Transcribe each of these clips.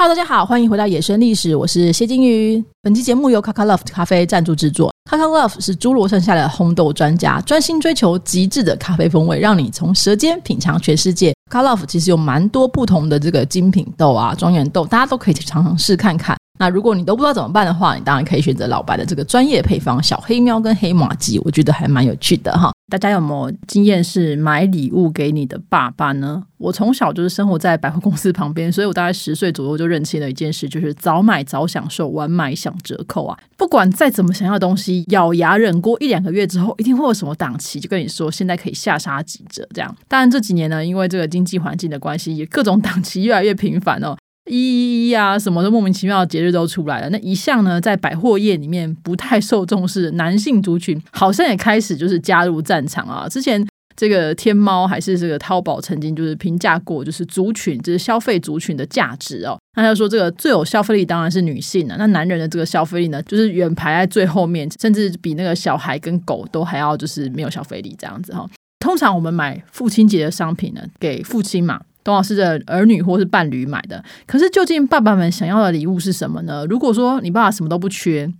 哈嘍，Hello, 大家好，歡迎回到野生歷史，我是謝金魚。本期節目由 kakalove 咖啡贊助製作。kakalove 是諸羅山下的烘豆專家，專心追求極致的咖啡風味，讓你從舌尖品嘗全世界。kakalove 其實有蠻多不同的這個精品豆啊，莊園豆，大家都可以去嘗，嘗試看看。那如果你都不知道怎麼辦的話，你當然可以選擇老白的這個專業配方小黑喵跟黑馬雞，我覺得還蠻有趣的哈。大家有沒有經驗是買禮物給你的爸爸呢？我從小就是生活在百貨公司旁邊，所以我大概十歲左右就認清了一件事，就是早買早享受，晚買享折扣啊。不管再怎麼想要的東西，咬牙忍過一兩個月之後，一定會有什麼檔期，就跟你說現在可以下殺幾折這樣。當然這幾年呢，因為這個經濟環境的關係，也各種檔期越來越頻繁哦。一一一啊，什麼都莫名其妙的節日都出來了。那一向呢，在百貨業裡面不太受重視，男性族群好像也開始就是加入戰場啊。之前這個天貓還是這個淘寶曾經就是評價過，就是族群就是消費族群的價值哦。那他說，這個最有消費力當然是女性的、啊，那男人的這個消費力呢，就是遠排在最後面，甚至比那個小孩跟狗都還要就是沒有消費力這樣子哈、哦。通常我們買父親節的商品呢，給父親嘛。董老師的兒女或是伴侶買的，可是究竟爸爸們想要的禮物是什麼呢？如果說你爸爸什麼都不缺，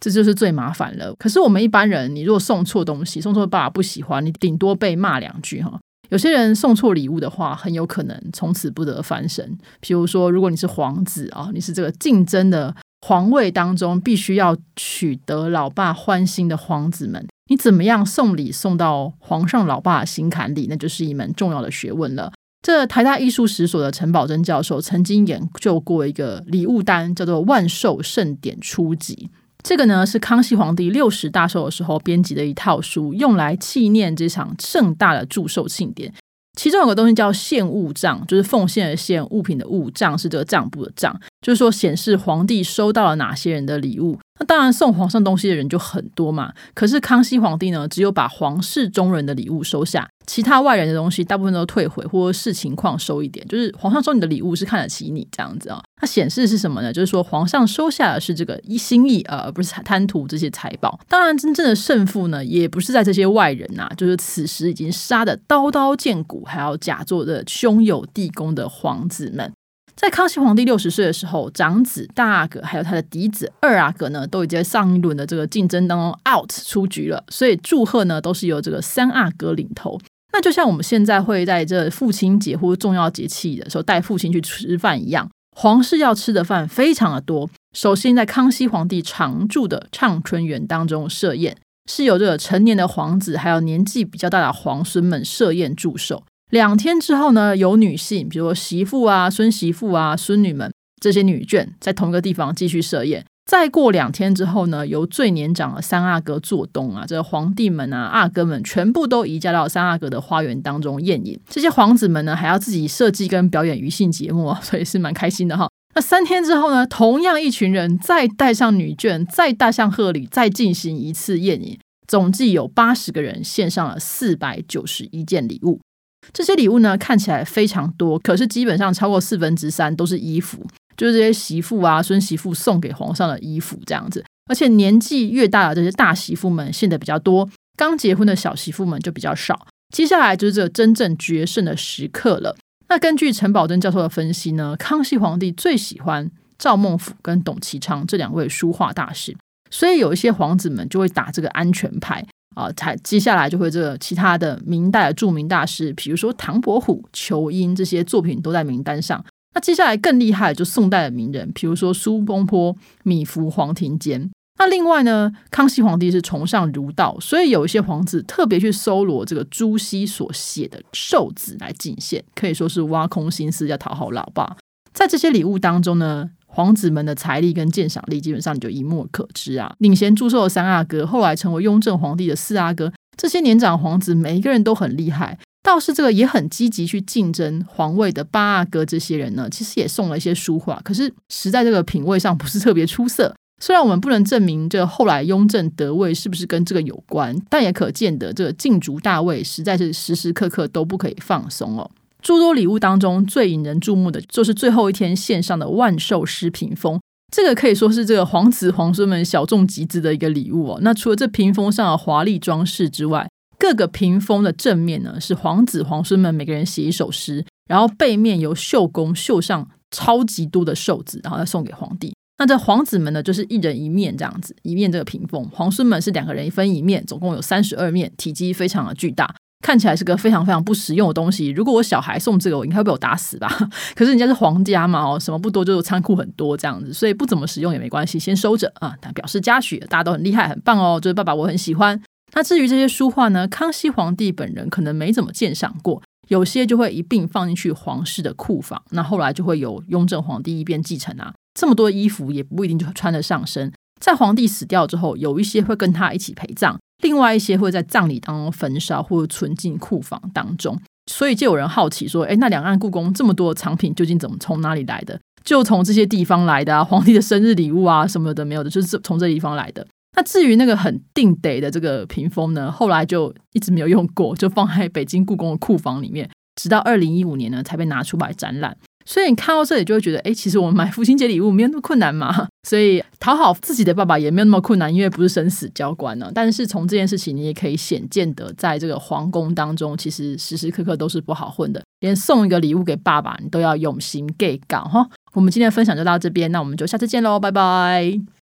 這就是最麻煩了。可是我們一般人，你如果送錯東西，送錯爸爸不喜歡，你頂多被罵兩句哈。有些人送錯禮物的話，很有可能從此不得翻身。譬如說，如果你是皇子啊，你是這個競爭的皇位當中必須要取得老爸歡心的皇子們，你怎麼樣送禮送到皇上老爸的心坎裡，那就是一門重要的學問了。這台大藝術史所的陳葆真教授曾經研究過一個禮物單，叫做《萬壽盛典初集》。這個呢是康熙皇帝六十大壽的時候編輯的一套書，用來紀念這場盛大的祝壽慶典。其中有個東西叫獻物賬，就是奉獻而獻物品的物賬，是這個賬簿的賬，就是說顯示皇帝收到了哪些人的禮物。那當然，送皇上東西的人就很多嘛。可是康熙皇帝呢，只有把皇室中人的禮物收下，其他外人的東西大部分都退回，或是，視情況收一點。就是皇上收你的禮物是看得起你這樣子啊、哦。它顯示是什麼呢？就是說皇上收下的是這個一心意啊，而不是貪圖這些財寶。當然，真正的勝負呢，也不是在這些外人吶、啊，就是此時已經殺的刀刀見骨，還要假作的兄友弟恭的皇子們。在康熙皇帝六十歲的時候，長子大阿哥還有他的嫡子二阿哥呢，都已經在上一輪的這個競爭當中 out 出局了。所以祝賀呢，都是由這個三阿哥領頭。那就像我們現在會在這父親節或重要節氣的時候帶父親去吃飯一樣，皇室要吃的飯非常的多。首先，在康熙皇帝常住的暢春園當中設宴，是由這個成年的皇子還有年紀比較大的皇孫們設宴祝壽。兩天之後呢，由女性，比如說媳婦啊、孫媳婦啊、孫女們這些女眷，在同一個地方繼續設宴。再過兩天之後呢，由最年長的三阿哥做東啊，這個、皇帝們啊、阿哥們全部都移駕到三阿哥的花園當中宴飲。這些皇子們呢，還要自己設計跟表演餘興節目，啊，所以是蠻開心的哈。那三天之後呢，同樣一群人再帶上女眷，再帶上賀禮，再進行一次宴飲。總計有八十個人獻上了四百九十一件禮物。這些禮物呢，看起來非常多，可是基本上超過四分之三都是衣服，就是這些媳婦啊、孫媳婦送給皇上的衣服這樣子。而且年紀越大的這些大媳婦們獻的比較多，剛結婚的小媳婦們就比較少。接下來就是這真正決勝的時刻了。那根據陳葆真教授的分析呢，康熙皇帝最喜歡趙孟頫跟董其昌這兩位書畫大師，所以有一些皇子們就會打這個安全牌。啊，才接下來就會這個其他的明代的著名大師，比如說唐伯虎、仇英這些作品都在名單上。那接下來更厲害的就宋代的名人，比如說蘇東坡、米芾、黃庭堅。那另外呢，康熙皇帝是崇尚儒道，所以有一些皇子特別去搜羅這個朱熹所寫的壽字來進獻，可以說是挖空心思要討好老爸。在這些禮物當中呢。皇子們的財力跟鑑賞力，基本上你就一目可知啊。領銜祝壽的三阿哥，後來成為雍正皇帝的四阿哥，這些年長皇子每一個人都很厲害。倒是這個也很積極去競爭皇位的八阿哥，這些人呢，其實也送了一些書畫啊，可是實在這個品味上不是特別出色。雖然我們不能證明這後來雍正得位是不是跟這個有關，但也可見得這個競逐大位實在是時時刻刻都不可以放鬆哦。諸多禮物當中，最引人注目的就是最後一天獻上的萬壽詩屏風。這個可以說是這個皇子皇孫們小眾集資的一個禮物哦。那除了這屏風上的華麗裝飾之外，各個屏風的正面呢，是皇子皇孫們每個人寫一首詩，然後背面由繡工繡上超級多的壽字，然後再送給皇帝。那這皇子們呢，就是一人一面這樣子，一面這個屏風；皇孫們是兩個人一分一面，總共有三十二面，體積非常的巨大。看起來是個非常非常不實用的東西。如果我小孩送這個，我應該會被我打死吧？可是人家是皇家嘛，哦，什麼不多就是倉庫很多這樣子，所以不怎麼使用也沒關係，先收着啊。他表示嘉許，大家都很厲害，很棒哦。就是爸爸，我很喜歡。那至於這些書畫呢？康熙皇帝本人可能沒怎麼鑑賞過，有些就會一併放進去皇室的庫房。那後來就會由雍正皇帝一邊繼承啊。這麼多的衣服也不一定就穿得上身。在皇帝死掉之後，有一些會跟他一起陪葬。另外一些會在葬禮當中焚燒，或者存進庫房當中，所以就有人好奇說：“誒，那兩岸故宮這麼多藏品究竟怎麼從哪裡來的？就從這些地方來的啊！皇帝的生日禮物啊，什麼的沒有的，就是從這，從這地方來的。那至於那個很定得的這個屏風呢，後來就一直沒有用過，就放在北京故宮的庫房裡面，直到二零一五年呢才被拿出來展覽。”所以你看到這裡就會覺得，哎、欸，其實我們買父親節禮物沒有那麼困難嘛。所以討好自己的爸爸也沒有那麼困難，因為不是生死交關呢。但是從這件事情，你也可以顯見的，在這個皇宮當中，其實時時刻刻都是不好混的。連送一個禮物給爸爸，你都要用心給搞。哈，我們今天的分享就到這邊，那我們就下次見嘍，拜拜。